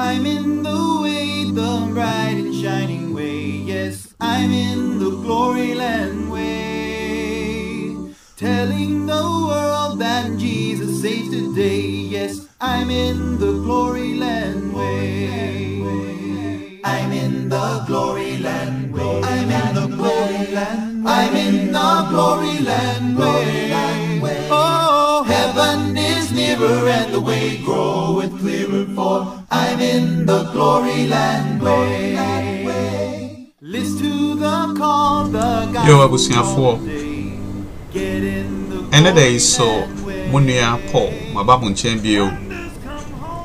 I'm in the way, the bright and shining way. Yes, I'm in the glory land way. Telling the world that Jesus saves today. Yes, I'm in the glory land way. I'm in the glory land way. I'm in the glory land. I'm in the glory land way. Oh, heaven is nearer and the way growing. root for. I'm in the glory land way. Listen to the call, the God. Yo, abusuafo. Ɛnɛ da yi so mo nua Paul maba mo nkyɛn bio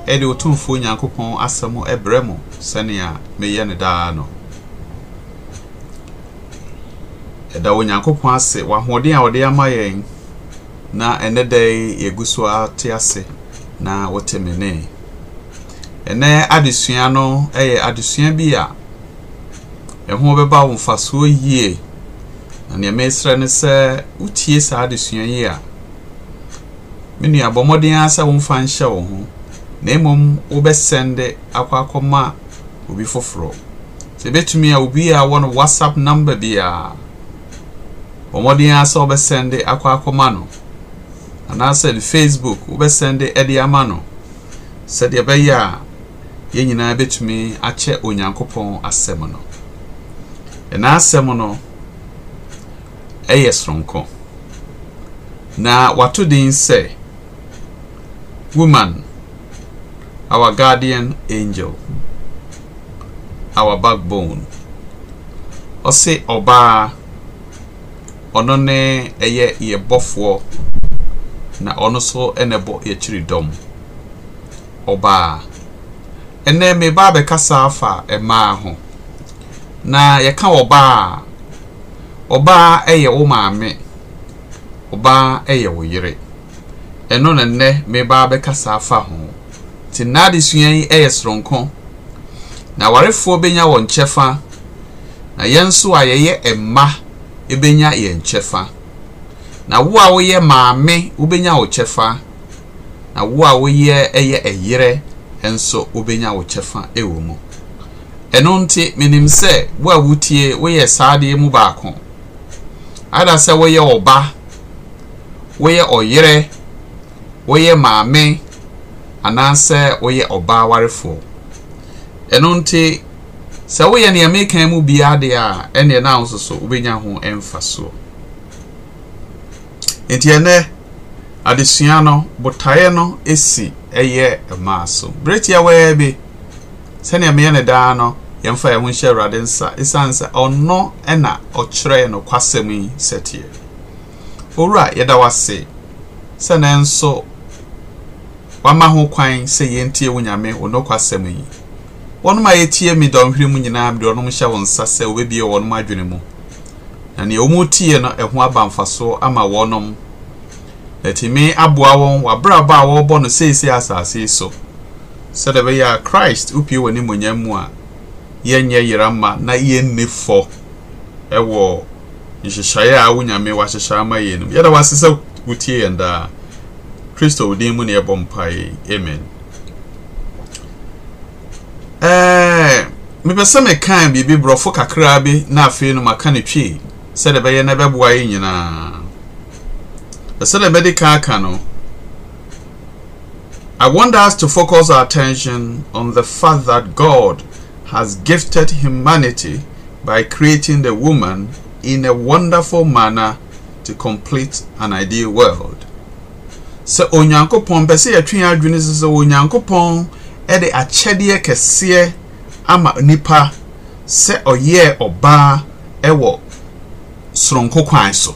ɛde otumfuo Nyankopɔn asɛm ɛbrɛ mo daa no. a ama na ɛnɛ da ase ɛnɛ adesua no yɛ adesua bi a ɛho bɛba wo mfasoɔ yie na nea meresrɛ no sɛ wotie saa adesua yi a me nua bɔ mmɔden ara sɛ womfa nhyɛ wo ho na mmom wobɛsɛnde akɔ akɔma obi foforɔ sɛ ɛbɛtumi a obi a wɔ no whatsapp number bi a bɔ mmɔden ara sɛ wobɛsɛnde akɔ akɔma no anaasɛ facebook wobɛsɛnde de ama no sɛdeɛ ɛbɛyɛ a yɛn nyinaa bɛtumi akyɛ onyankopɔn asɛm no ɛna asɛm no ɛyɛ soronko na wato di sɛ woman our guardian angel our backbone ɔse ɔbaa ɔno ne ɛyɛ yɛbɔfoɔ na ɔno so ɛna ɛbɔ yɛkyiri dɔm ɔbaa ɛnɛ meba bɛkasa afa mmaa ho na yɛka ɔbaa ɔbaa ɛyɛ wo maame ɔbaa ɛyɛ wo yere ɛno na nnɛ meba bɛkasa afa ho nti n'adesua yi ɛyɛ soronko na awarefoɔ bɛnya wɔn kyɛfa na yɛn nso a yɛyɛ mma ɛbɛnya yɛn kyɛfa na wo a woyɛ maame wobɛnya wo kyɛfa na wo a woyɛ ɛyɛ ɛyerɛ nso wobɛnya wo kyɛfa ɛwɔ mu ɛno nti menim sɛ wo a wotie woyɛ saa adeɛ mu baako ada sɛ woyɛ ɔba woyɛ ɔyerɛ woyɛ maame anaasɛ woyɛ ɔbaa warefoɔ ɛno nti sɛ woyɛ nea mekan mu biara deɛ a ɛneɛ na wo nso so wobɛnya ho ɛmfa soɔ ɛnɛ adesua no botaeɛ no si ɛyɛ mmaa so bereti a wɔyɛ bi sɛnea meyɛ ne daa no yɛmfa yɛn ho nhyɛ awurade nsa ɛsiane sɛ ɔno na ɔkyerɛ no kwasɛm yi sɛteɛ owura yɛda wase sɛne nso wama ho kwan sɛ yɛntie wo nyame wo nokwasɛm yi wɔnom a yɛtie me dɔnhwere mu nyinaa mede ɔnom hyɛ wo nsa sɛ wobɛbie wɔnom adwene mu na nea ɔmu tie no ɛho aba mfasoɔ ama wɔnom ɛtumi aboa wɔn w'abraba a wɔrebɔ no seesei asase so sɛdeɛ bɛyɛ a christ wopie wɔ animonyam mu a yɛnyɛ yera ma na yɛnni fɔ ɛwɔ nhyehyɛeɛ a wo nyame wahyehyɛ ama yɛn no yɛda wase sɛ wotie yɛn daa kristo wo din mu ne yɛbɔ mpaeɛ amen ɛɛ mepɛ sɛ mekan biribi borɔfo kakraa bi na afei no maka no twee sɛdeɛ bɛyɛ na ɛbɛboa yɛ nyinaa sɛdeɛ bɛde ka aka no I want us to focus our attention on the fact that God has gifted humanity by creating the woman in a wonderful manner to complete an ideal world. Sɛ Onyankopɔn pɛ sɛ yɛtwe yɛn adwene sɛ sɛ Onyankopɔn de akyɛdeɛ kɛseɛ ama nipa sɛ ɔyɛɛ ɔbaa wɔ soronko kwan so.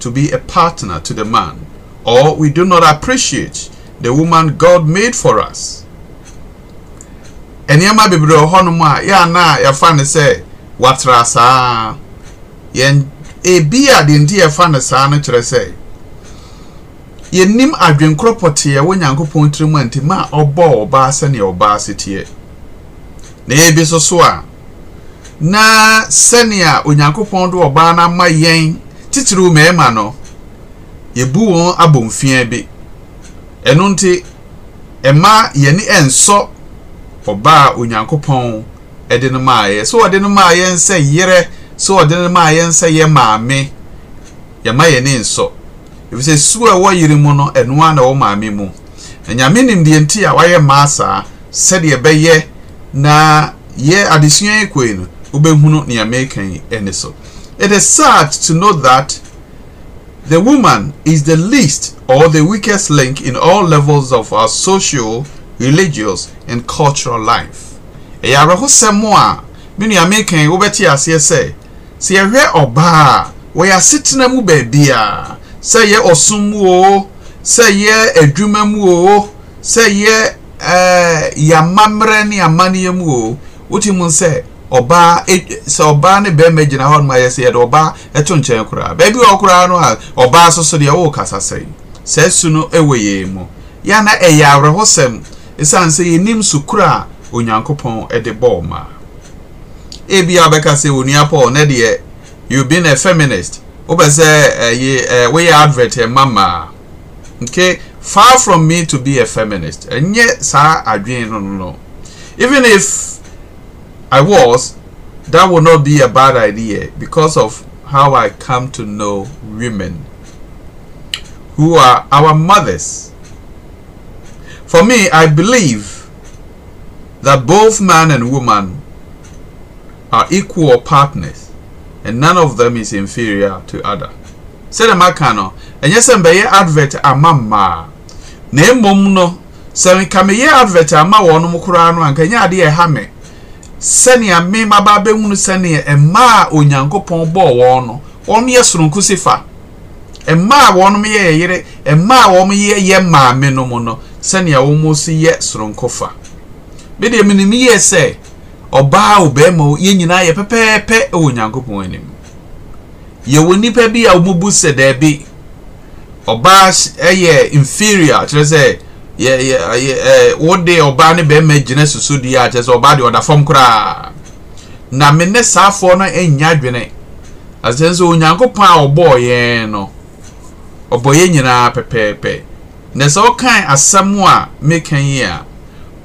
to be a partner to the man, or we do not appreciate the woman God made for us. nneɛma bebree wɔ hɔnom a yɛn a yɛfa ne sɛ watra saa yɛn ebi a deɛ nti yɛfa ne saa no kyerɛ sɛ yɛnim adwenkorɔ pɔtee ɛwɔ nyankopɔn tirim a nti ma ɔbɔ ɔbaa sɛnea ɔbaa se teɛ na ebi soso a na sɛnea onyankopɔn de ɔbaa na ama yɛn titiriw mmarima no yɛbu wɔn abɔ mfia bi ɛno nti mmaa yɛne ɛnsɔ ɔbaa onyankopɔn ɛde no maa so ɔde no maa yɛn sɛ so ɔde no maa yɛn sɛ yɛ maame yɛma yɛne nsɔ efisɛ suo a ɛwɔ yiri mu no ɛnoa na ɛwɔ maame mu nyame nim deɛ nti a wayɛ mmaa saa sɛdeɛ ɛbɛyɛ na yɛ adesua yi koe no wobɛhunu nea meka yi ɛne so It is sad to note that the woman is the least or the weakest link in all levels of our social, religious, and cultural life. Ɛyɛ semoa a me nua mekan wobɛte aseɛ sɛ sɛ yɛhwɛ ɔbaa a wɔyɛ asetena mu baabi a sɛ yɛ se mu oo sɛ yɛ adwuma mu oo sɛ yɛ ɛɛ yamammerɛ ne amanneɛ mu oo wotimu sɛ ɔbaa sɛ ɔbaa ne bɛrima gyina hɔ nom ayɛ sɛ yɛde ɔbaa ɛto nkyɛn koraa baabi wɔ koraa no a ɔbaa so so deɛ wɔwɔ kasa sɛn saa su no ɛwɔ yɛn mu yana ɛyɛ awerɛhosɛm ɛsiane sɛ yɛnim sukura a onyankopɔn ɛde bɔɔ maa ebi a bɛka sɛ onua paul ne deɛ you been a feminist wobɛ sɛ ɛyɛ ɛɛ wɔyɛ advert ɛma eh, maa nke far from me to be a feminist ɛnyɛ saa adwene no no even if. I was, that would not be a bad idea because of how I come to know women who are our mothers. For me, I believe that both man and woman are equal partners and none of them is inferior to other. Sɛ dɛm aka no, ɛnyɛ sɛ advert ama mmaa. ne mmom no, sɛ nka meyɛ advert ama wɔn koraa anu anka nyɛ adeɛ ɛha me. sɛnea mmema ba abɛhunu sɛnea mmaa onyankopɔn bɔɔ wɔn no wɔn yɛ soronko si fa mmaa a wɔn yɛ yere mmaa a wɔn yɛ yɛ maame no mu no sɛnea wɔn si yɛ soronko fa bi deɛ menim yie sɛ ɔbaa o barima o yɛn nyinaa yɛ pɛpɛɛpɛ wɔ onyankopɔn anim yɛwɔ nipa bi a wɔn bu sɛ daabi ɔbaa ɛyɛ inferior kyerɛ sɛ Yeah, yeah, uh, yɛ ɛɛ uh, day, ɔbaa ne bɛrima gyina soso di a kyɛ sɛ ɔbaa deɛ ɔda fam koraa na me ne saafoɔ no nya adwene asɛn sɛ onyankopɔn a ɔbɔɔ yɛn no ɔbɔ yɛn nyinaa pɛpɛɛpɛ na sɛ ɔkan asɛm a meka yi a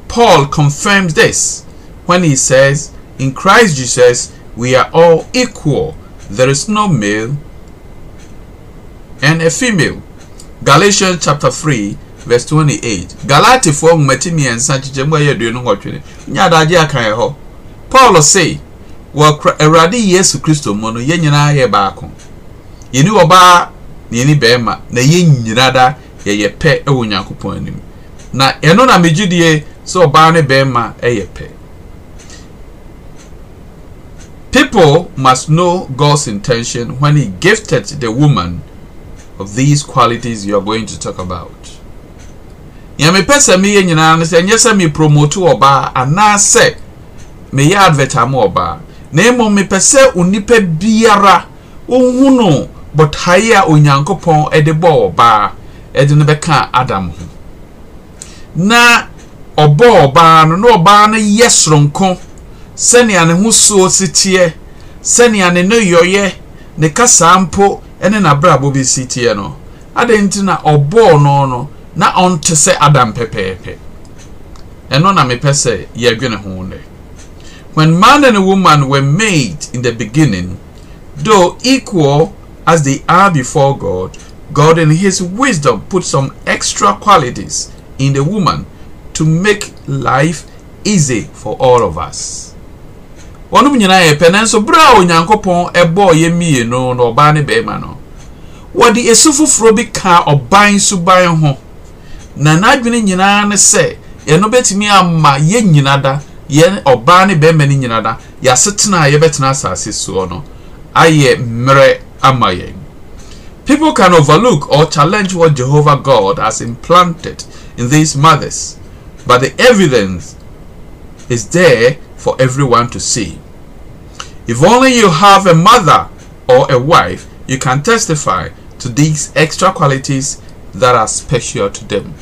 paul confirms this when he says in christ jesus we are all equal there is no male and a female galatians chapter 3 verse twenty eight galatifoɔ nwomati mmiɛnsa kyekyɛ mu ɛyɛ aduonu nwɔtwe nyɛ adagye akan hɔ paul se wɔ awurade yesu kristo mu no yɛn nyinaa yɛ baako yɛni ɔbaa na yɛni bɛrima na yɛn nyinaa da yɛyɛ pɛ ɛwɔ nyankopɔn anim na ɛno na megye die sɛ ɔbaa ne bɛrima ɛyɛ pɛ people must know god's intention when he gifted the woman of these qualities you are going to talk about yɛn mepɛ sɛ meyɛ nyinaa no sɛ nyɛ sɛ mepromote ɔbaa anaasɛ meyɛ advert ama ɔbaa na mmom mepɛ sɛ onipa biara wohu no bɔtae a onyankopɔn de bɔ ɔbaa de no bɛka adam ho na ɔbɔ ɔbaa no na ɔbaa no yɛ soronko sɛnea ne ho suo si teɛ sɛnea ne nneyɔeɛ ne kasaa mpo ne n'abrabɔ bi si teɛ no adɛn nti na ɔbɔɔ no no na ɔnte se adam pɛpɛɛpɛ ɛno na mepɛ sɛ yɛadwene ho nɛ when man and woman were made in the beginning though equal as they are before god god in his wisdom put some extra qualities in the woman to make life easy for all of us wɔnom nyinaa yɛ pɛ nanso bere a onyankopɔn ɛbɔɔ yɛ mmienu na ɔbaa ne bɛrima no wɔde esu foforɔ bi ka ɔban suban ho na n'adwene nyinaa ne sɛ yɛn no bɛtumi ama yɛn nyina da yɛn ɔbaa ne bɛrima ne nyina da yɛasetena a yɛbɛtena asase soɔ no ayɛ mmerɛ ama yɛn people can overlook or challenge what jehovah god has implanted in these mothers but the evidence is there for everyone to see if only you have a mother or a wife you can testify to these extra qualities that are special to them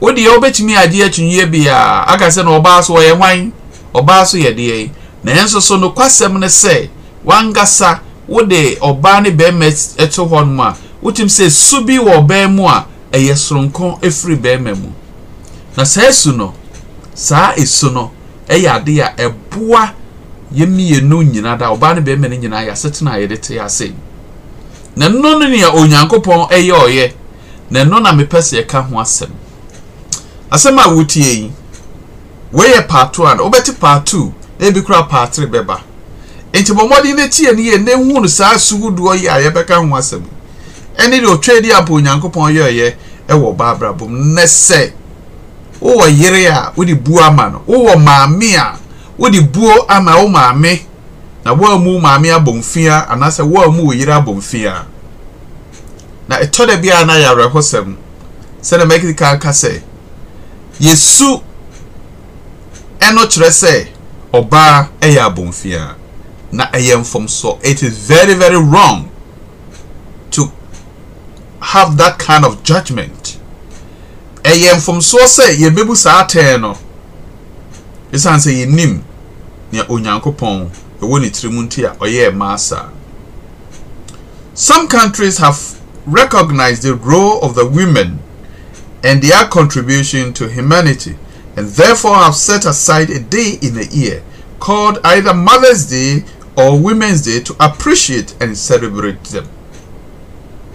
Wodi wo deɛ wobɛtumi adeɛ atwinneɛ biaa aka sɛ na ɔbaa so ɔyɛ nwan, ɔbaa so yɛ deɛ nso so nokwasɛm ne sɛ wankasa wode ɔbaa ne bɛrima ɛto hɔ nom a wotumi sɛ su bi wɔ ɔbɛn mu a ɛyɛ soronko ɛfiri bɛrima mu na saa esu no saa esu no ɛyɛ ade a ɛboa yɛmmienu nyinaa da ɔbaa ne bɛrima no nyinaa yɛasetena a yɛde te ase na nno no nea onyankopɔn ɛyɛ ɔyɛ na ɛno na mepɛ sɛ yɛka ho asɛm asɛm a wotie yi wɔyɛ part one wobɛte part two ebi kora part three bɛba nti bɔ mmɔden no tie ne yɛ na ehu no saa sugudoɔ yi a yɛbɛka ho asɛm ɛne deɛ ɔtwa adi abɔ onyankopɔn yɛɔyɛ ɛwɔ baabra bom nɛ sɛ wowɔ yere a wode buo ama no wowɔ maame a wode buo ama wo maame na woamu maame abɔ mfia anaasɛ woamu wo yere abɔ mfia na ɛtɔ da biara na yɛ awerɛhosɛm sɛdeɛ mɛkiti ka sɛ yesu ɛno kyerɛ sɛ ɔbaa ɛyɛ abomfia na ɛyɛ mfomso it is very very wrong to have that kind of judgment ɛyɛ mfomso sɛ yɛbɛbu saa atɛn no ɛsiane sɛ yɛnim nea onyankopɔn ɛwɔ ne tiri mu nti a ɔyɛ maa saa some countries have recognize the role of the women and their contribution to humanity, and therefore have set aside a day in the year called either Mother's Day or Women's Day to appreciate and celebrate them.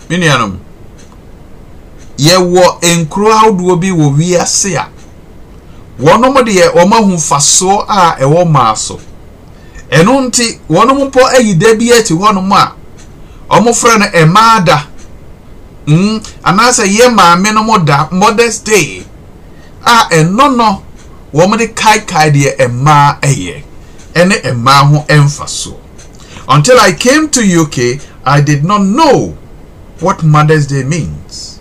Minianum, yɛwɔ nkuro ahodoɔ bi wɔ wiase a wɔn deɛ wɔn ahofasoɔ a ɛwɔ maa so ɛno nti wɔn mpo ayi da bi ati hɔnom a wɔfrɛ no ɛmaa da mm, anaasɛ yɛ maame no mo da mothers day a ɛno no wɔn de kaekae deɛ mmaa ɛyɛ ɛne mmaa ho mfasoɔ until i came to uk i did not know what mothers day means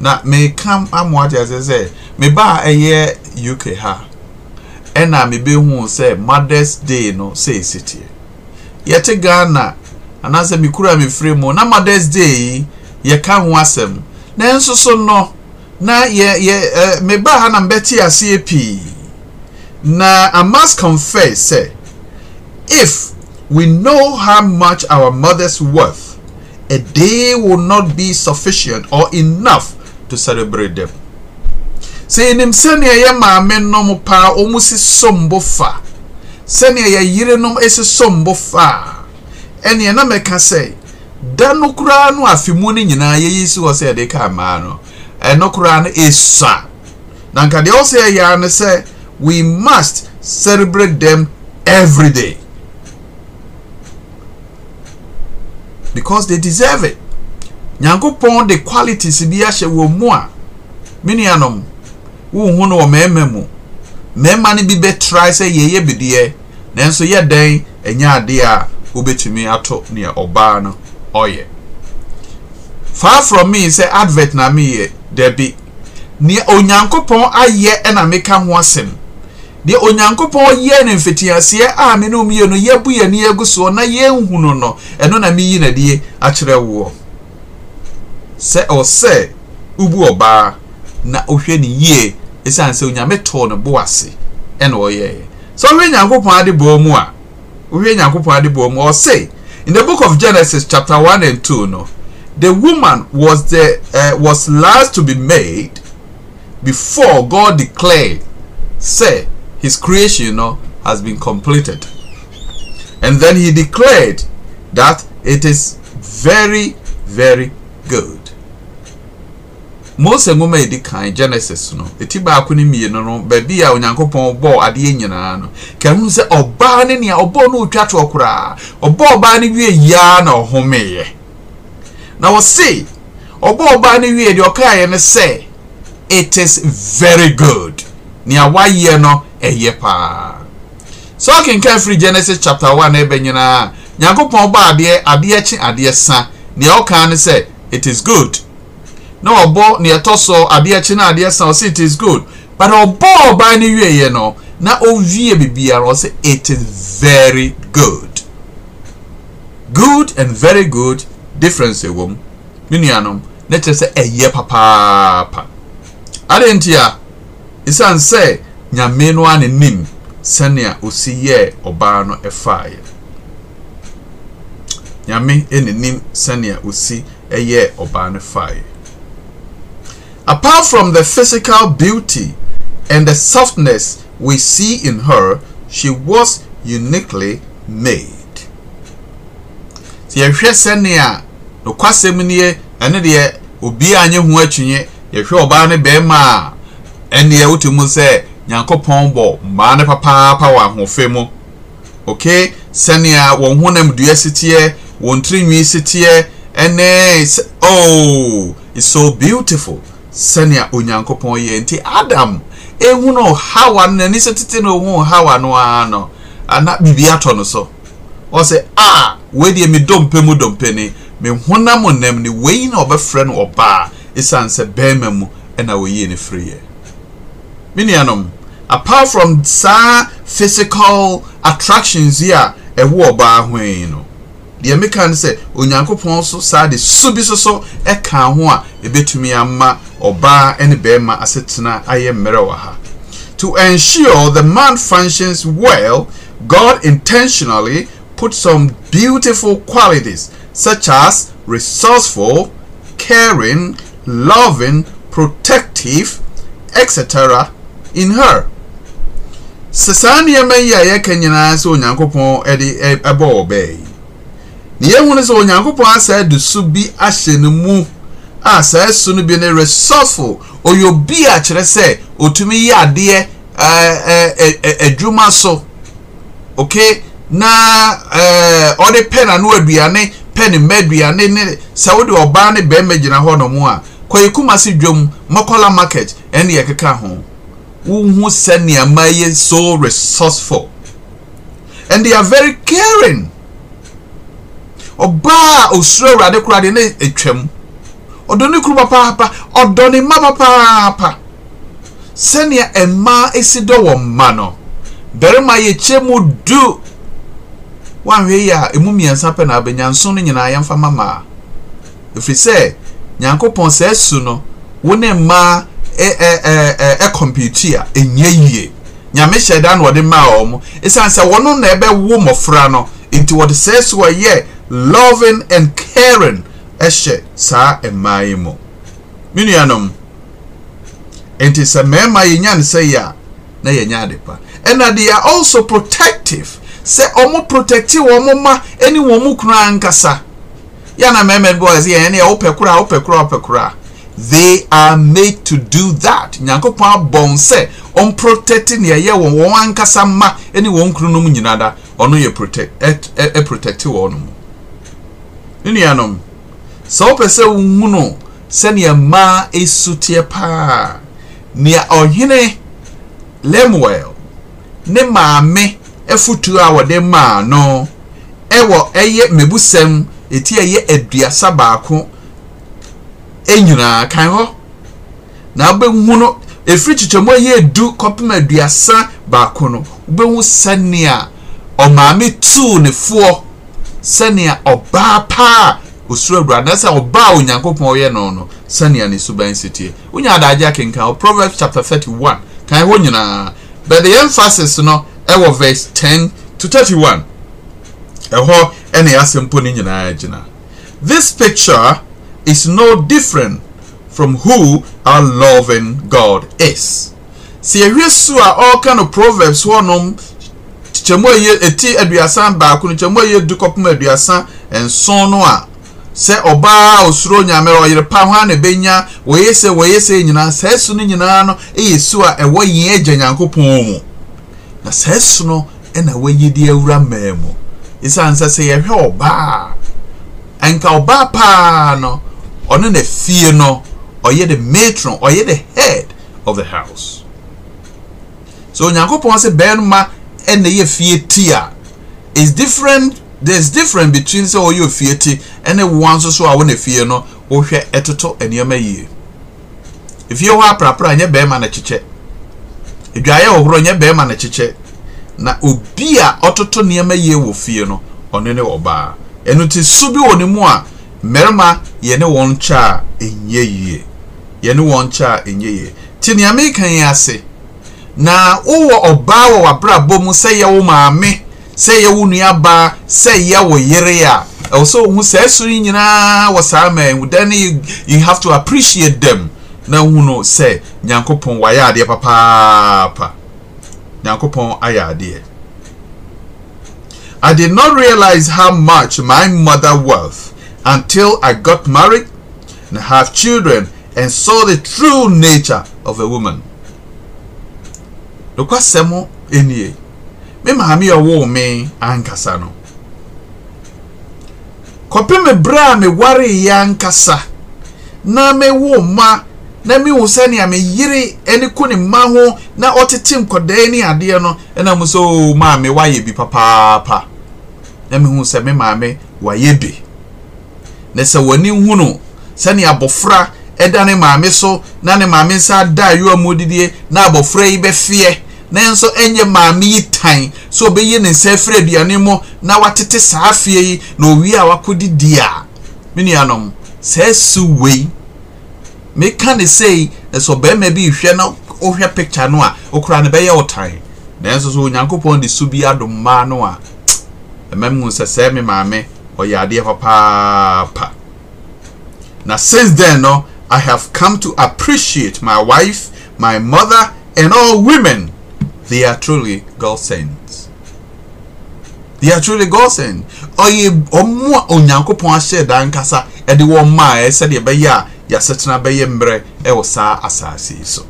na meka amoa te ase sɛ me ba ɛyɛ uk ha ɛna mebɛhu sɛ mothers day no sɛ ɛsiteɛ yɛte ghana anaasɛ mekura mefiri mu na mothers day yi yɛka ho asɛm nanso so no na yɛ yɛ ɛ meba ha na mbɛte aseɛ pii na i must confess sɛ if we know how much our mothers worth a day will not be sufficient or enough to celebrate them sɛ enim sɛnea yɛ maame nom paa wɔn si som bo fa sɛnea yɛ yere nom si som ɛneɛ na mɛka sɛ da no koraa no afe mu no nyinaa yɛyi si hɔ sɛ yɛde ka mmaa no ɛno koraa no ɛsua na nka deɛ ɔsɛ yɛyɛ ara no sɛ we must celebrate them every day because they deserve it nyankopɔn de qualities bi ahyɛ wɔn mu a me nuanom wohu no wɔ mmarima mu mmarima no bi bɛtrae sɛ yɛyɛ bideɛ nanso yɛ dɛn ɛnyɛ adeɛ a wobɛtumi ato nea ɔbaa no ɔyɛ far from me sɛ advert na meyɛ dabi nea onyankopɔn ayɛ ɛna meka ho asɛm deɛ onyankopɔn yɛ no mfitiaseɛ a me ne omyɛ no yɛbu yɛni agu soɔ na yɛnhunu no ɛno na meyi nadie akyerɛ woɔ sɛ ɔsɛ wobu ɔbaa na ohwɛ ne yie ɛsiane sɛ onyame tɔɔ no bo ase ɛna ɔyɛɛ sɛ ɔhwɛ nyankopɔn ade bɔɔ mu a wohwɛ nyankopɔn adebɔ mu Say, in the book of genesis chapter 1 and 2 no the woman was the uh, was last to be made before god declared say his creation you know, has been completed and then he declared that it is very very good mose nwoma edi kan genesis no eti baako ne mmienu no baabi a onyankopɔn bɔɔ adeɛ nyinaa no kɛhu sɛ ɔbaa ne nea ɔbɔɔ no otwa toɔ koraa ɔbɔɔ ɔbaa ne wie yaa na ɔhomeeɛ na wɔse ɔbɔɔ ɔbaa ne wie deɛ ɔkaeɛ ne sɛ it is very good nea wayɛ no ɛyɛ paa sɛ ɔkenkan firi genesis chapter one ɛbɛ nyinaa nyankopɔn bɔ adeɛ adeɛ kye adeɛ sa nea ɔkaa ne sɛ it is good na ɔbɔ nea ɛtɔ so adeɛ kye na adeɛ san ɔsi it is good but ɔbɔ ɔbaa ne wie yɛ no na owie bibiara ɔsi it is very good good and very good difference wɔ mu ne nuanom ne kyerɛ sɛ ɛyɛ papaapa adeɛ nti a esan sɛ nyame no a ne nim sɛnea osi yɛ ɔbaa no ɛfaeɛ e nyame ɛne e nim sɛnea osi ɛyɛ ɔbaa no e faeɛ. Apart from the physical beauty and the softness we see in her, she was uniquely made. Yɛhwɛ sɛnea nokwasɛm nie ɛne deɛ obiara nye ho atwinye yɛhwɛ ɔbaa ne bɛrima a ɛneɛ wote mu sɛ nyankopɔn bɔ mmaa ne papa wɔ ahoɔfɛ mu okay sɛnea wɔn honam dua si teɛ wɔn tirinwi si teɛ ɛne oh it's so beautiful sɛnea onyankopɔn yɛ nti adam ehu no hawa no n'ani sɛ tete na ohun hawa no ara no ana biribi atɔ no so ɔsɛ a wei deɛ me dompe mu dompe ni me honam nam ni wei na ɔbɛfrɛ no ɔbaa esiane sɛ bɛrima mu ɛna wɔyie ne firi yɛ me apart from saa physical attractions yi a ɛwɔ ɔbaa ho no meka so so ho a ama asetena ha to ensure the man functions well god intentionally put some beautiful qualities such as resourceful caring loving protective etc in her sɛ saa nneɛma yi a yɛka nyinaa de na yɛhunu sɛ onyankopɔn asɛe de so bi ahyɛ ne mu a saa so no bi ne resɔfo ɔyɛ obi a sɛ ɔtumi yɛ adeɛ adwuma so okay na ɔde pɛ n'ano aduane pɛ ne mma aduane ne sɛ wode ɔbaa ne bɛrima gyina hɔ nom a kɔyɛ kumase dwom mɔkɔla market ɛne yɛkeka ho wohu sɛ nneɛma yɛ so resourceful and they are very caring ɔbaa osuro awurade kura deɛ ne atwam ɔdɔ ne kuru papaapa ɔdɔ ne mma papaapa sɛnea mmaa esi dɔ wɔn mma no barima yɛkyɛ mu du wanwe yi a emu mmiɛnsa pɛ na abɛnya nson no nyinaa yɛmfa ma maa efiri sɛ nyankopɔn sɛ esu no wo ne mmaa ɛ ɛ ɛ ɛ kɔmpiuti a enye yie nyame hyɛ dan na wɔde maa wɔn esiane sɛ wɔn na ɛbɛwo mmɔfra no nti wɔde sɛ esu ɔyɛ. loving and caring ɛhyɛ saa mmaa yi mu me nuanom nti sɛ mmarima yɛnya ne sɛ yi a na yɛnya ade pa ɛna they are also protective sɛ ɔmo protective wɔn ma ɛne wɔn kunu ankasa yɛna mmarima bi wɔ sɛ yɛn ne ɔpɛ kora ɔpɛ kora ɔpɛ kora they are made to do that nyankopɔn abɔ nsɛ ɔn protect ne ɛyɛ wɔn wɔn ankasa ma ɛne wɔn kunu nom nyinaa da ɔno yɛ protect ɛ e, ɛ e, e protective wɔn mu ne nuanom sɛ wopɛ sɛ wohu no sɛnea mmaa ɛsu teɛ paa nea ɔhene lemuel ne maame afutuo a wɔde maa no ɛwɔ ɛyɛ mmebusɛm eti ɛyɛ aduasa baako ɛnyinaa kan hɔ na wobɛhu no efiri kyikyɛmu a yɛ edu kɔpem aduasa baako no wobɛhu sɛnea ɔmaame tuu ne foɔ. sɛnea ɔbaa paa osuro awura na sɛ ɔbaa onyankopɔn ɔyɛ no no sɛnea ne suban si tie wonya adagye akenkan o proverbs chapter 31 one kan hɔ nyinaa but the emphasis no ɛwɔ verse 10 to 31 ɛhɔ ɛna yɛasɛm mpo ne nyinaa gyina this picture is no different from who our loving god is sɛ yɛhwɛ so a ɔreka no proverbs hɔnom kyɛmɔ yɛ eti aduasa baako no kyɛmɔ yɛ du kɔpem aduasa nson no a sɛ ɔbaa osoro nyame ɔyere pa ho a na ebenya wɔyɛ sɛ sɛ esu no nyinaa no ɛyɛ su a ɛwɔ yɛn agya nyankopɔn mu na saa esu no ɛna wɔyɛ de awura mmaa mu esan sɛ sɛ yɛhwɛ ɔbaa nka ɔbaa paa no ɔno na fie no ɔyɛ the matron ɔyɛ the head of the house so onyankopɔn sɛ bɛrima And yɛ fie ti is different there's different between sɛ ɔyɛ fie ti ɛne wɔn nso so a wɔn fie no wɔhwɛ ɛtoto nneɛma yie efie hɔ aprapra nyɛ bɛrima na kyekyɛ edwaeɛ ɔhoro nyɛ bɛrima na kyekyɛ na obi a ɔtoto nneɛma yie wɔ fie no ɔno ne ɔbaa ɛno ti so bi wɔ ne mu a mmarima yɛne wɔn kyɛ a ɛnyɛ yie yɛne wɔn kyɛ a ɛnyɛ yie ti nneɛma yi kan yɛ ase. na uwa obawa wa w'abrabɔ mu sɛ yɛ wo maame sɛ yɛ wo nuabaa sɛ yɛ wo yere a ɛwɔ man then you, you have to appreciate them na hu no sɛ nyankopɔn wayɛ adeɛ papaapa nyankopɔn ayɛ I did not realize how much my mother worth until I got married and have children and saw the true nature of a woman. nokwasɛm nie me maame ɔwoo me ankasa no kɔpem berɛ a mewareyɛ ankasa na mewo mma na mehu sɛnea me yere ne ko ne mma ho na ɔtete nkɔdaa ne adeɛ no ɛna mu sɛ o maame wayɛ bi papaapa na mehu sɛ me maame wayɛ bi na sɛ w'ani hunu sɛnea abɔfra ɛda ne maame so na ne maame nsa da ayoa mu didie na abɔfra yi bɛfeɛ nanso ɛnyɛ maame yi tan so ɔbɛyi ne nsa firi aduane mu na watete saa afie yi na owie a wakɔdidi a me saa si wei meka ne sei ɛsɛ ɔbarima bi rehwɛ na ɔhwɛ picture no a ɔkura ne bɛyɛ ɔtan nanso so onyankopɔn de so bi adom mmaa no a ɛmɛm hu sɛ sɛ me maame ɔyɛ adeɛ papaapa na since then no i have come to appreciate my wife my mother and all women They are truly God sent. They are truly God sent. Ɔyɛ ɔmo a Onyankopɔn ahyɛ dan kasa ɛde wɔn mmaa ɛyɛ sɛdeɛ ɛbɛyɛ a yɛasetena bɛyɛ mmerɛ ịwụ saa asaase yi so.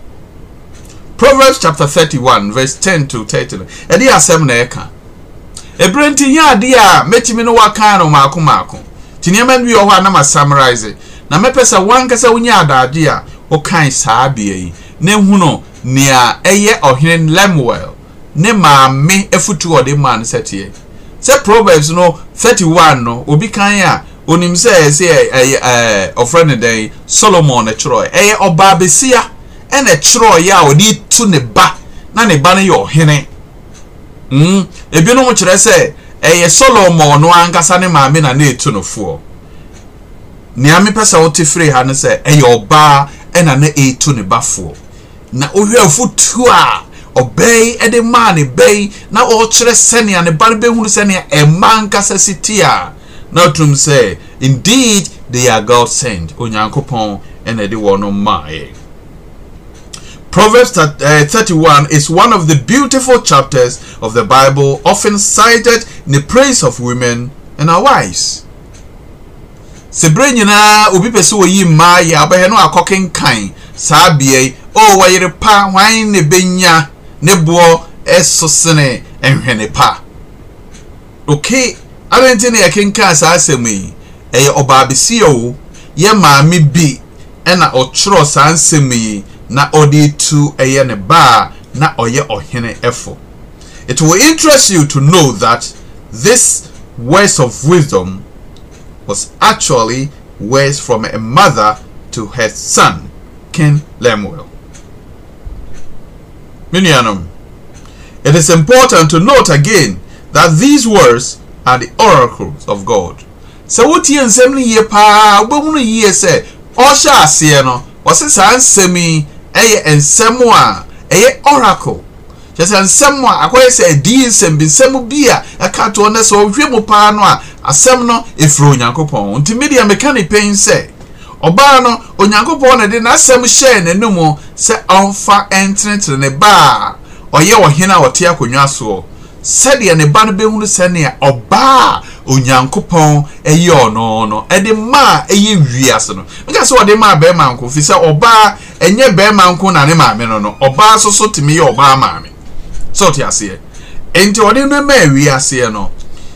Proverbs chapter thirty-one verse ten to thirteen ɛde asɛm na ɛka. Ebere nti nye adeɛ a mɛtumi no wakan no maako maako. Ti nneɛma bi wɔ hɔ a na ma summarize na mɛpɛ sɛ wankasa wonye adaadeɛ a ɔkan saa bea yi na ehunu. nea ɛyɛ ɔhene lemuel ne maame afutu ɔde maa no sɛ teɛ sɛ proverbs no thirty one no obi kan a onim sɛ ɛsɛ ɛyɛ ɛɛ ɔfrɛ ne dɛn solomon na kyerɛ ɛyɛ ɔbaa besia ɛna kyerɛ yɛ a ɔde tu ne ba na ne ba no yɛ ɔhene mm ebinom kyerɛ sɛ ɛyɛ solomon no ankasa ne maame na ne etu no foɔ nea mepɛ sɛ ɔte firi ha no sɛ ɛyɛ ɔbaa ɛna ne etu ne ba foɔ. na ohwɛ afotuo a ɔbɛn ɛde maa ne bɛn na ɔrekyerɛ sɛnea ne ba no bɛhunu sɛnea ɛma nkasa si ti a na tum sɛ indeed they are god sent onyankopɔn ɛna ɛde wɔn no maaeɛ Proverbs eh, 31 is one of the beautiful chapters of the Bible, often cited in the praise of women and our wives. Sebere ubi pesu oyi ma ya abɛhɛ no akɔkenkan saa bea o wɔyere pa hwan na ebenya ne boɔ ɛso sene nhwene pa oke abɛnti na yɛkenka saa asɛm yi ɛyɛ o yɛ maame bi ena ɔtwerɛ saa na ɔde tu ɛyɛ ne baa na ɔyɛ ɔhene ɛfo it will interest you to know that this words of wisdom was actually words from a mother to her son, King Lemuel. Minyanum, It is important to note again that these words are the oracles of God. Sɛ wotie nsɛm no yie paa wobɛhunu yie sɛ ɔhyɛ aseɛ no wɔse saa nsɛm yi ɛyɛ nsɛm a ɛyɛ oracle kyɛ sɛ nsɛm a akɔyɛ sɛ ɛdii nsɛm bi nsɛm bi a ɛka toɔ no sɛ ɔhwɛ mu paa no a asɛm no ɛfiri onyankopɔn nti medeɛ meka ne ɔbaa no onyankopɔn na de n'asɛm hyɛɛ n'anum sɛ ɔmfa ntenetene ne ba a ɔyɛ ɔhene a ɔte akonnwa soɔ sɛdeɛ ne ba no bɛhunu sɛnea ɔbaa onyankopɔn ɛyɛ ɔno no ɛde maa ɛyɛ wiase no nka sɛ ɔde maa bɛrima nko fi sɛ ɔbaa ɛnyɛ bɛrima nko na ne maame no no ɔbaa nso so tumi yɛ ɔbaa maame sɛ ɔte aseɛ nti ɔde no maa wiaseɛ no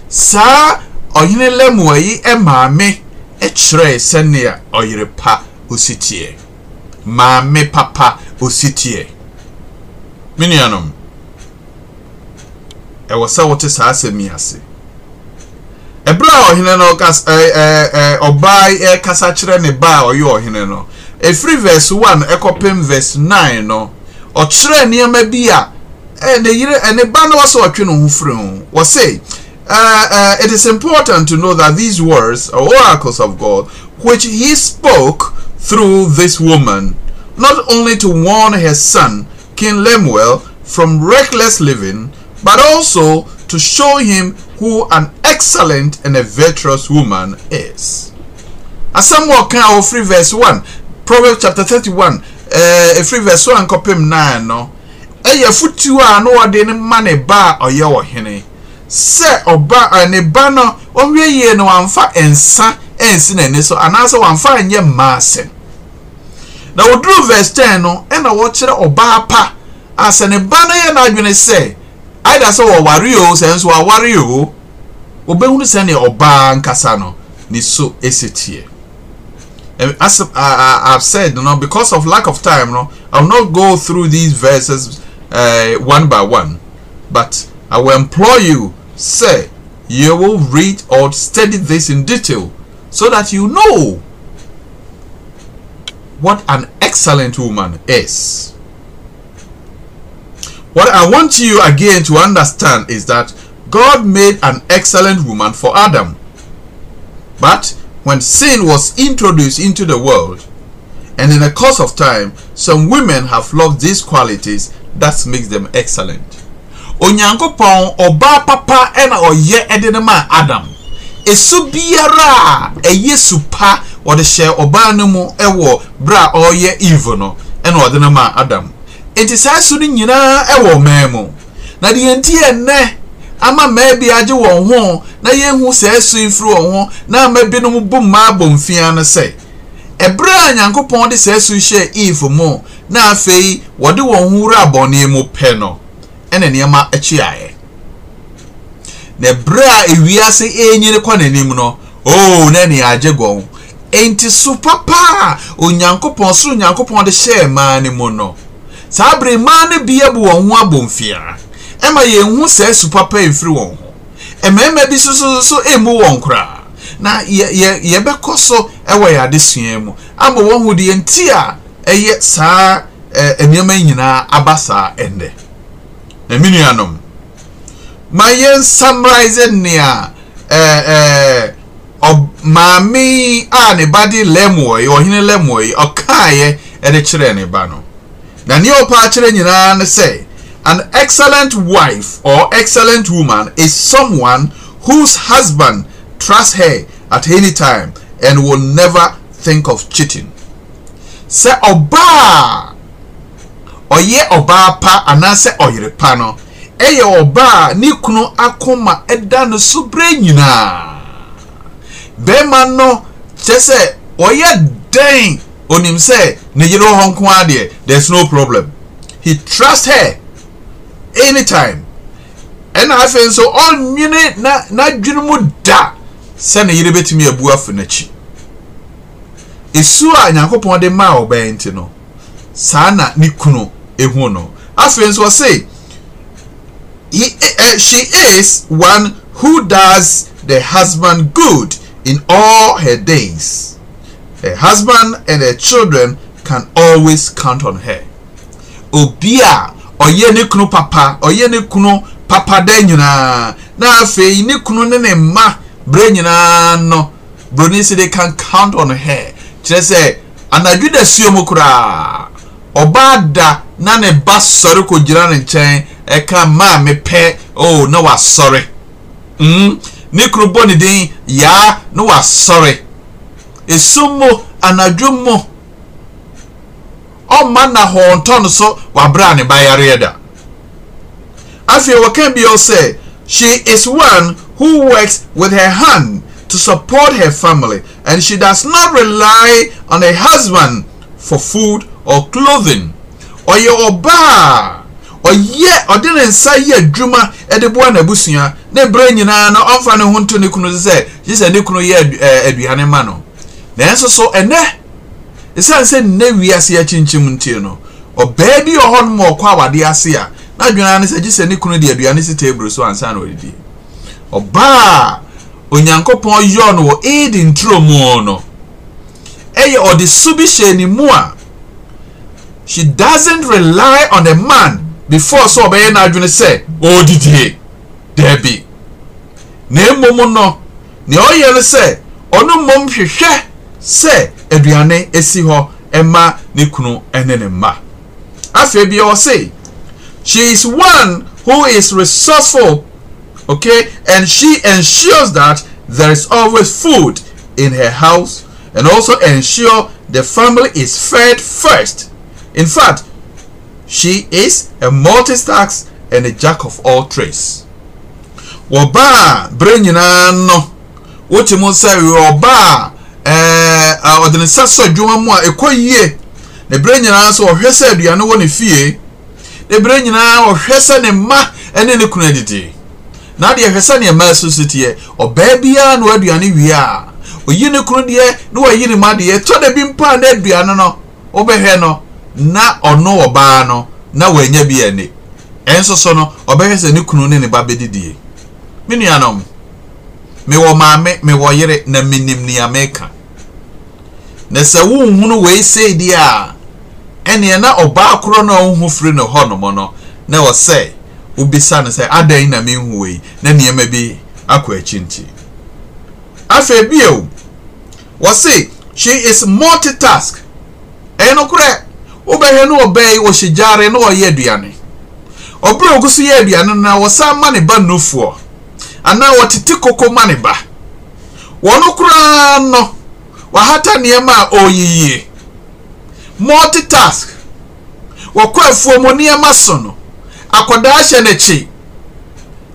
saa ɔhene lɛmu ayi maame kyerɛɛ sɛnea ɔyere pa osi maame papa osi teɛ me nuanom ɛwɔ sɛ wote saa asɛm yi ase ɛberɛ a ɔhene no ɔbaa ɛrekasa kyerɛ ne ba a ɔyɛ ɔhene no ɛfiri verse 1 ɛkɔpem verse 9 no ɔkyerɛ nneɛma bi a ɛne yere ɛne ba no wɔ ɔtwe ne ho firi ho wɔ Uh, uh, it is important to know that these words are oracles of God, which he spoke through this woman, not only to warn her son, King Lemuel, from reckless living, but also to show him who an excellent and a virtuous woman is. As Samuel can free oh, verse 1, Proverbs chapter 31, uh, free verse 1, copy 9, no. Eye futu a no ade ne mane ba oye ohene. sɛ ɔba ne ba no ɔnwie yie no wamfa nsa nsi n'ani so anaasɛ wamfa nyɛ mmaa asɛm na wɔduru verse ten no ɛna wɔkyerɛ ɔbaa pa a ne ba no yɛ n'adwene sɛ aida sɛ wɔware o sɛ nso wɔaware o wɔbɛhunu sɛnea ɔbaa nkasa no ne so esi tie as I, have said you know, because of lack of time you know, i will not go through these verses uh, one by one but i will implore you say, you will read or study this in detail so that you know what an excellent woman is. What I want you again to understand is that God made an excellent woman for Adam. But when sin was introduced into the world, and in the course of time, some women have lost these qualities that makes them excellent. onyankopɔn ɔbaa papa ɛna ɔyɛ ɛde ne ma adam esu biara a ɛyɛ supa wɔde hyɛ ɔbaa no mu ɛwɔ bere a ɔreyɛ eve no ɛna ɔde ne ma adam nti saa su no nyinaa ɛwɔ mmaa mu na deɛ nti ɛnnɛ ama mmaa bi agye wɔn ho na yɛnhu saa su mfiri wɔn ho na ama binom bu mmaa bɔ mfia no sɛ ɛberɛ a nyankopɔn de saa su hyɛ eve mu na afei wɔde wɔn ho wura abɔne mu pɛ no ɛna nneɛma akyi ayɛ na bere a ewiase enyini kɔ n'anim no ooo na ne agye gɔn enti so papa a onyankopɔn soro onyankopɔn de hyɛɛ mmaa no mu no saa bere mmaa no bi abu wɔn ho abomfia ɛma yɛn ho sɛ su papa mfiri wɔn ho mmarima bi soso soso emu wɔn koraa na yɛ yɛ yɛbɛkɔ so ɛwɔ yɛ adesua mu ama wɔn ho deɛ nti a ɛyɛ saa ɛɛ nneɛma nyinaa aba saa ɛndɛ. ɛmi nuanom ma yɛn summarize nea ɛɛ ɔ maame a ne ba de lɛmoɔ yi ɔhene lɛmoɔ yi ɔkaayɛ ɛde kyerɛ ne ba no na nea ɔpa akyerɛ nyinaa ne sɛ an excellent wife or excellent woman is someone whose husband trusts her at any time and will never think of cheating sɛ ɔbaa. ɔyɛ ɔbaa pa anaasɛ ɔyere pa no ɛyɛ ɔbaa ne kunu akoma ɛda no so bere nyinaa bɛrima no kyɛ sɛ ɔyɛ dɛn onim sɛ ne yere hɔ nko ara there is no problem he trust her anytime ɛna afei nso ɔnwene na n'adwene mu da sɛ ne yere bɛtumi abu afi n'akyi esu a nyankopɔn de maa ɔbɛn ti no saa na ne kunu ehu no afei nso ɔse he uh, eh, eh, she is one who does the husband good in all her days her husband and her children can always count on her obi a ɔyɛ ne kunu papa ɔyɛ ne kunu papa dɛ nyinaa na afei ne kunu ne ne mma bere nyinaa no broni si de can count on her kyerɛ sɛ anadwo da suo koraa ɔbaa da na ne ba sɔre kɔgyina ne nkyɛn ɛka maa mepɛ oh na wasɔre mm ne kuro bɔ ne den yaa na wasɔre esum mu anadwo mu ɔma na hɔntɔn so wabra ne ba yareɛ da afei wɔka bi ɔsɛ she is one who works with her hand to support her family and she does not rely on her husband for food or clothing ɔyɛ ɔbaa ɔyɛ ɔde ne nsa yɛ adwuma ɛde boa n'abusua ne bere nyinaa na ɔmfa ne ho nto ne kunu sɛ gye sɛ ne kunu yɛ aduane ma no nanso so ɛnɛ ɛsiane sɛ nnɛ wiase akyinkyim ntie no ɔbaa bi wɔ hɔ nom ɔkɔ awade ase a n'adwene ne sɛ gye sɛ ne kunu de aduane si table so ansa na ɔdidi ɔbaa onyankopɔn yɔɔ no wɔ eden turo mu no ɛyɛ ɔde so bi hyɛ ne mu a she doesn't rely on a man before so ɔbɛyɛ n'adwene sɛ ɔredidie oh, debi ne emom no ne ɔyɛ no sɛ ɔno mmom hwehwɛ sɛ aduane esi hɔ ɛma ne kunu ene ne ma. afei bi say, she is one who is resourceful okay and she ensures that there is always food in her house and also ensure the family is fed first In fact, she is a multi multitask and a jack of all trades. Wɔbaa bere nyinaa no wote mu sɛ wɔbaa ɛɛ a ɔde ne nsa sɔ adwuma mu a ɛkɔ yie na bere nyinaa nso ɔhwɛ sɛ aduane wɔ ne fie na bere nyinaa ɔhwɛ sɛ ne mma ɛne ne kunu adidi na adeɛ hwɛ sɛ ne mma nso so teɛ ɔbaa biara na ɔaduane wie a oyi ne kunu deɛ na ɔyi ne mma deɛ tɔ da bi mpa na aduane no wɔbɛhwɛ no na ɔno ɔbaa no na wɔanya bi ani ɛnso so no ɔbɛhwɛ sɛ ne kunu ne ne ba bɛdidie me nuanom mewɔ maame mewɔ yere na menim nea meka na sɛ wonhunu wei sei deɛ a ɛneɛ na ɔbaa korɔ no a wohu firi ne hɔnom no na ɔsɛ wobisa no sɛ adɛn na menhu wei na nneɛma bi akɔ akyi nti afei bio wɔse she is multitask ɛyɛ nokorɛ wobɛhwɛ no ɔbɛɛ wɔhyɛ gyare na wɔyɛ aduane ɔberɛ ogu so yɛ aduane na wɔsan ma ne ba nufoɔ anaa wɔtete koko ma ne ba wɔno koraa no wahata nneɛma a ɔreyiyie multitask wɔkɔ afuo mu nneɛma so no akwadaa hyɛ n'akyi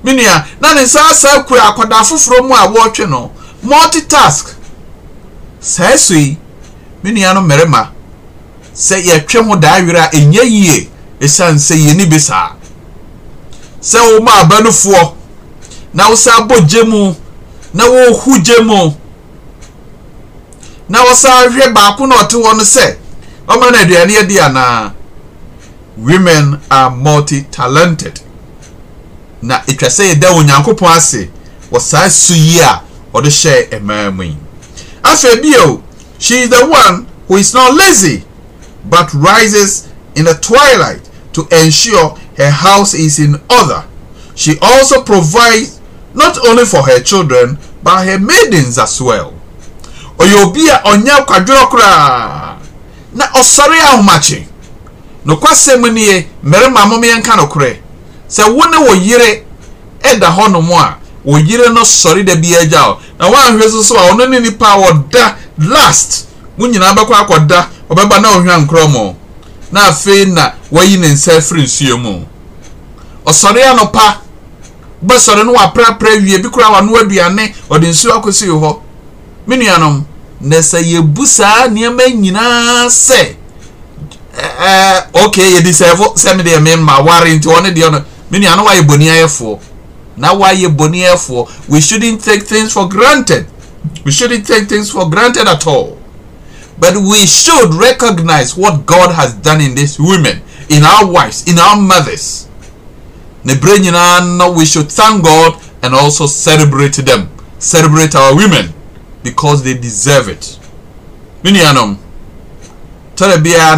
menua na ne nsa asa kura akwadaa foforɔ mu a wɔretwe no multitask saa so yi menua no mmarima sɛ yɛtwe ho daa werɛ a ɛnyɛ yie ɛsiane sɛ yɛni bi saa sɛ woma abanofoɔ na wosan bɔ gye mu na wɔrehu gye mu na wɔsan hwɛ baako na ɔte hɔ no sɛ ɔma na aduane yɛdi anaa women are multi talented na ɛtwa sɛ yɛda onyankopɔn ase wɔ saa so yi a ɔde hyɛ mmaa mu yi afei bio she is the one who is not lazy but rises in the twilight to ensure her house is in order. She also provides not only for her children but her maidens as well. Oyo obi a ɔnya kwadwere koraa na ɔsɔre ahomakye nokwasɛm nie mmarima amomyɛ nka nokorɛ sɛ wo ne wo yere ɛda hɔnom a wo yire no sɔre da bi agya na woanhwɛ so so a ɔno ne nipa a ɔda last mo nyinaa bɛkɔ ɔbɛba na ɔhwɛ nkorɔmɔ na afei na wayi ne nsa afiri nsuo mu ɔsɔre anɔpa bɛsɔre no waprapra wie bi koraa wano aduane ɔde nsuo akɔsi hɔ me nuanom na sɛ yɛbu saa nneɛma nyinaa sɛ eh, eh, ok yɛde sɛfo sɛmi deɛ me mma ware nti ɔne deɛ ɔno me nuanom wayɛ bɔni ayɛfoɔ na wayɛ bɔni ayɛfoɔ we shouldnt take things for granted we shouldnt take things for granted at all. But we should recognize what God has done in these women, in our wives, in our mothers. We should thank God and also celebrate them. Celebrate our women because they deserve it. Minianum. Tell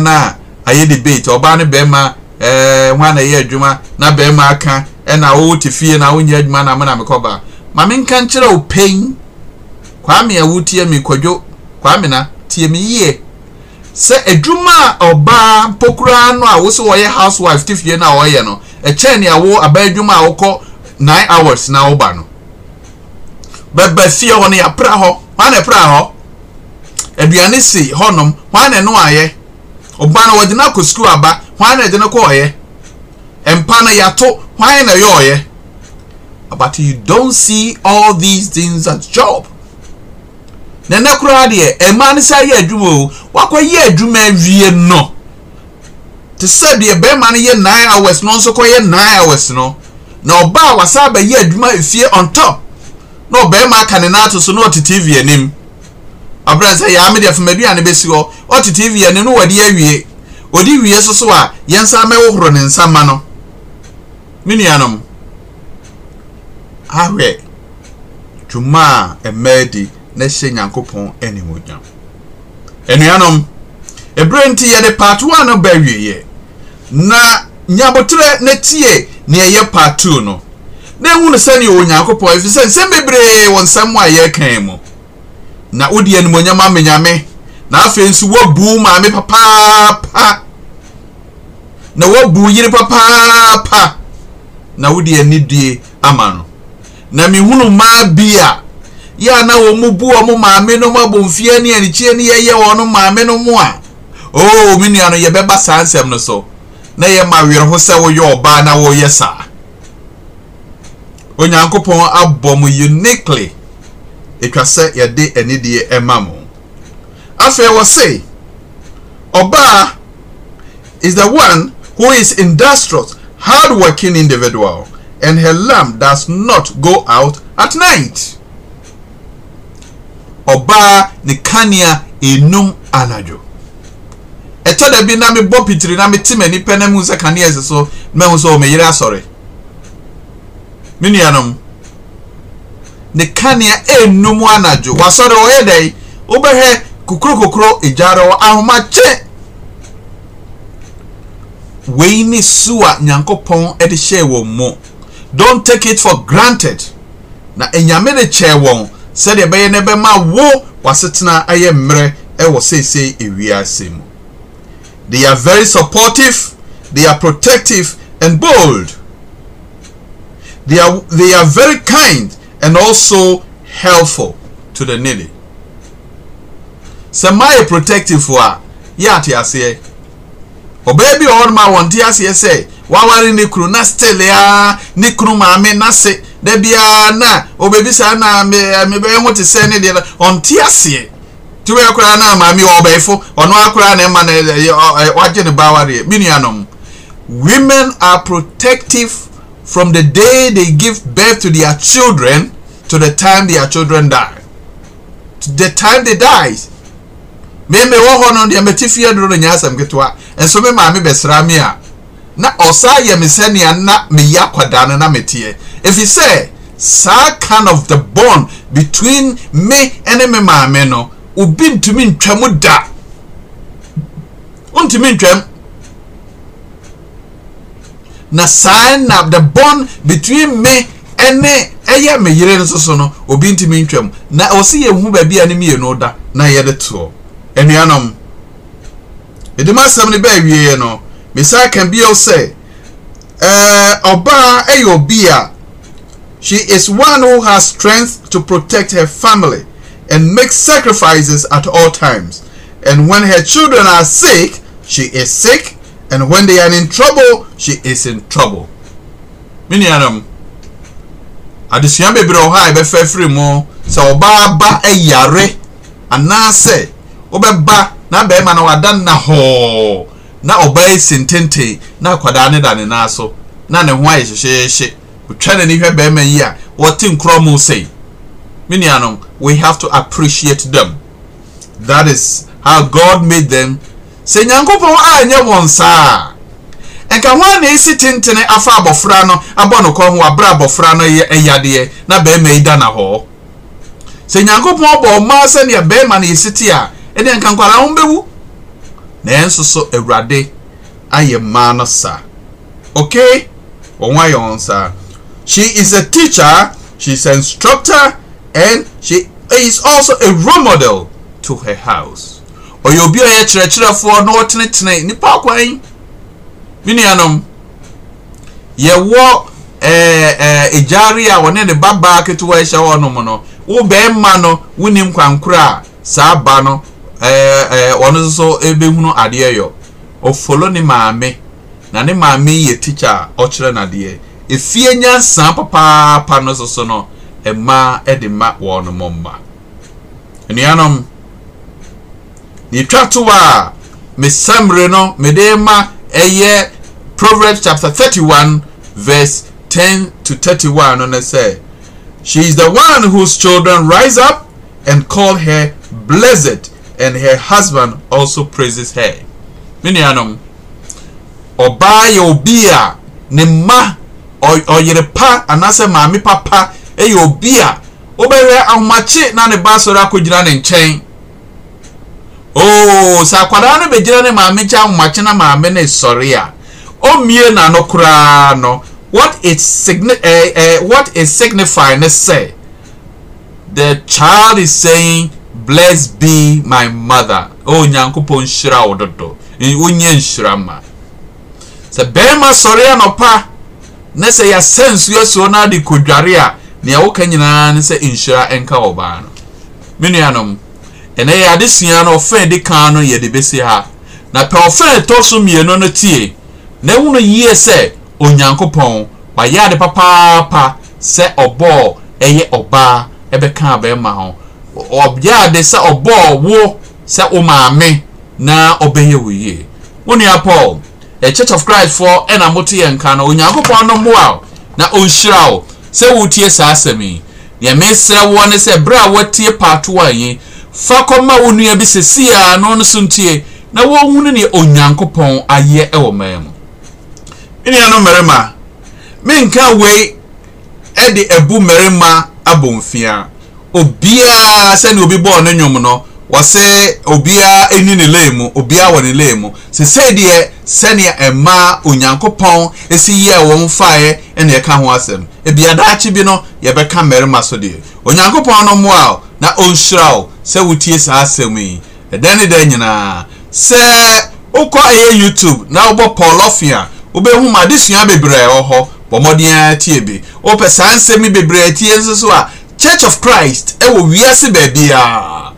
na aye debate obane bema eh wana ye na bema aka e eh, na wo te fie na wo na me na me koba. Ma me nka nkyere wo pain. Kwa me me na tie me yie sɛ adwuma a ɔbaa mpokura no a wosɛ wɔyɛ housewife te fie no a wɔyɛ no ɛkyɛn ne awo abaa adwuma a wokɔ nine hours na woba no bɛbɛ fie hɔ no yɛapra hɔ hwan na ɛpra hɔ aduane si hɔnom hwan na ɛno ayɛ ɔbaa no wɔde no akɔ sukuu aba hwan na ɛde no kɔ ɔyɛ mpa no yɛato hwan na ɛyɛ ɔyɛ but you don't see all these things at job na ɛnɛ koraa deɛ ɛmaa no sɛ ayɛ adwuma o wakɔ yɛ adwuma awie no te sɛ deɛ bɛrima no yɛ nine hours no nso kɔyɛ nine hours no na ɔbaa wasa abɛyɛ adwuma efie on top na ɔbɛrima aka ne nan ato so na ɔte tv anim abirante sɛ yaa mi deɛ fama aduane bɛsi hɔ ɔte tv anim na wɔde awie ɔde wie soso a yɛn nsa mɛhohoro ne nsa ma no me nuanom ahwɛ dwuma a mmaa di na hyɛ nyankopɔn animuonyam anuanom ebere nti yɛde part one no ba awieɛ na nyabotere ne tie nea ɛyɛ part two no na ehu no sɛnea wɔ nyankopɔn efi sɛ nsɛm bebree wɔ nsɛm a yɛrekan mu na wodi animuonyam amenyame na afei nso wɔbu maame papaapa na wɔbu yere papaapa na wodi anidie ama no na mihunu mmaa bi a yɛ a na wɔn mu bu wɔn maame no mu abomfie ne ɛnikyie ne yɛyɛ wɔn maame no mu a oo mi nua no yɛbɛba saa nsɛm no so na yɛ ma werɛ ho sɛ woyɛ ɔbaa na wɔyɛ saa onyankopɔn abɔ mu uniquely atwa sɛ yɛde anidie ɛma mo afei wɔ se ɔbaa is the one who is industrious hard working individual and her lamp does not go out at night ɔbaa ne kanea enum anadwo ɛtɔ da bi na mi bɔ pitiri na mi ti ma nipa na mi sɛ kanea ɛsɛ so na mi sɛ ɔmo yere asɔre mi nuanom ne kanea enum anadwo wasɔre ɔyɛ dɛ wobɛhɛ kokoro kokoro egyaare wɔ ahomakye wei ne su a nyankopɔn de hyɛɛ wɔn mu don't take it for granted na enyame de kyɛɛ wɔn sɛdeɛ ɛbɛyɛ no ɛbɛma wo wasetena ayɛ mmerɛ ɛwɔ seesei ewiase mu they are very supportive they are protective and bold they are they are very kind and also helpful to the needy sɛ mmaa yɛ protective a yɛ ate aseɛ ɔbaa bi wɔ hɔ no ma wɔn te aseɛ sɛ waware ne kuro na still ya ne kuro maame n'ase da biara na obebisa na mebɛyɛ ho te sɛ ne deɛ no ɔnte aseɛ nti woyɛ koraa na maame ɔbɛyifo ɔno akoraa na ɛma no wagye ne bawareɛ me nuanom women are protective from the day they give birth to their children to the time their children die to the time they die mmemme wɔ hɔ no deɛ mɛte fie duro no nyɛ asɛm ketewa nso me maame bɛsra me a na ɔsa yɛ me sɛnea na meyɛ akwadaa no na meteɛ ɛfiri sɛ saa kind of the bond between me ɛne me maame no obi ntumi ntwam da ntumi ntwam na saa na the bond between me ɛne ɛyɛ me yere no soso no obi ntumi ntwam na ɔsi yɛ hu baabi a ne mmienu da na yɛde toɔ anuanom edema asɛm no bɛɛ wie no mesan kan bio sɛ ɛɛ ɔbaa ɛyɛ obi a. She is one who has strength to protect her family and make sacrifices at all times. And when her children are sick, she is sick. And when they are in trouble, she is in trouble. Mini Adam, bebree wɔ ha a yɛbɛfa afiri mu sɛ ɔbaa ba e yare anaasɛ wobɛba na barima no wada nna hɔɔ na ɔbaa yi ntenten na akwadaa e ne da ne nan so na ne ho ayɛ hyehyeehye wotwa n'ani hwɛ bɛrima yi a wɔte nkorɔ mu sɛi me nuanom we have to appreciate them that is how god made them sɛ nyankopɔn a ɛnyɛ wɔn saa ɛnka ho a na esi tentene afa abɔfra no abɔ no kɔn ho abere abɔfra no yɛ ɛyadeɛ na bɛrima yi da na hɔ sɛ nyankopɔn bɔ ɔmaa sɛnea bɛrima na esi te a ɛdeɛ nka nkwalaa ho bɛwu na ɛnso awurade ayɛ mmaa no saa okay wɔn ayɛ wɔn saa. She is a teacher, she's an instructor, and she is also a role model to her house. Ɔyɛ obi a ɔyɛ kyerɛkyerɛfoɔ na ɔtenetene nipa kwan mi nuanom yɛwɔ ɛɛ eh, ɛɛ egyari eh, a wɔne ne ba baa ketewa ɛhyɛ hɔnom no wo bɛrima no wuni nkwankora a saa ba no ɛɛ ɛɛ wɔn nso ebehunu adeɛ yɔ ɔfolo ne maame na ne maame yɛ tikya a efie nyansa papaapa no soso no mmaa de ma wɔn mo mma nnuanom netwa to a mesamre no mede ma ɛyɛ proverbs chapter thirty-one, verse ten to thirty-one, no ne sɛ she is the one whose children rise up and call her blessed and her husband also praises her me nuanom ɔbaa yɛ obi a ne mma ɔyere pa anaasɛ maame papa ɛyɛ obi a wobɛhwɛ ahomakye na ne ba sɔre akɔgyina ne nkyɛn oo sɛ akwadaa no bɛgyina ne maame nkyɛn ahomakye na maame ne sɔre a ɔmmie n'ano koraa no what is signi ɛɛ eh, ɛɛ eh, what is signifying ne sɛ the child is saying "Bless be my mother o nyankopɔn nhyira wo dodo wonyɛ nhyira ma sɛ bɛrima sɔre anɔpa na sɛ yɛasɛ nsuo soɔ no ade kɔdware a nea woka nyinaa ne sɛ nhyira nka ɔbaa no me nuanom ɛnɛ yɛ adesua no ɔfɛn de kan no yɛde bɛsi ha na pɛ ɔfɛn ɛtɔ so mmienu no tie na ehunu yie sɛ onyankopɔn wayɛ ade papaapa sɛ ɔbɔɔ ɛyɛ ɔbaa ɛbɛka abɛɛma ho ɔyɛ ade sɛ ɔbɔɔ wo sɛ wo maame na ɔbɛyɛ wo yie wo nua paul the church of christ foɔ ɛna mote yɛn nka no onyankopɔn no mmoa na ɔnhyira wo sɛ wotie saa asɛm yi deɛ mesrɛ woɔ ne sɛ berɛ a wɔatie paatoa yi fa kɔma wo nua bi sɛsii a no no so ntie na wɔhunu neɛ onyankopɔn ayɛ ɛwɔ maa mu menua no mmarima menka wei ɛde abu mmarima abɔmfia obiara sɛne obi bɔɔ ne nwom no wɔse obiara ɛni ne lane mu obiara wɔ ne lane mu sese deɛ sɛnea ɛmaa onyankopɔn esi yie a wɔn faeɛ ɛna ɛka ho asɛm ebi adaakye bi no yɛbɛka mmarima so deɛ onyankopɔn no mmoa na ɔnhyira o sɛ wotie saa asɛm yi ɛdɛn ne dɛn nyinaa sɛ wokɔ ɛyɛ youtube na wobɔ pɔlɔfia wobɛhu ma adesua bebree wɔ hɔ bɔmmɔden tie bi wopɛ saa nsɛm bebree tie nso so a church of christ ɛwɔ wiase baabiara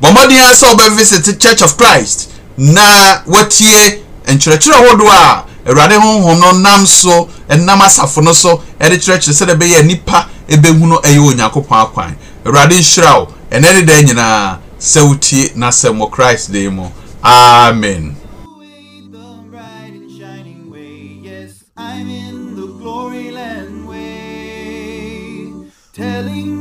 bɔmmɔden ara sɛ wobɛvisit church of christ na watie nkyerɛkyerɛ ahodoɔ a awurade honhom no nam so nam asafo no so de kyerɛkyerɛ sɛdeɛ ɛbɛyɛ nnipa ɛbɛhunu ɛyɛ onyankopɔn akwan awurade nhyira wo ɛnɛ deda nyinaa sɛ wotie n'asɛm wɔ christ dan mu amen telling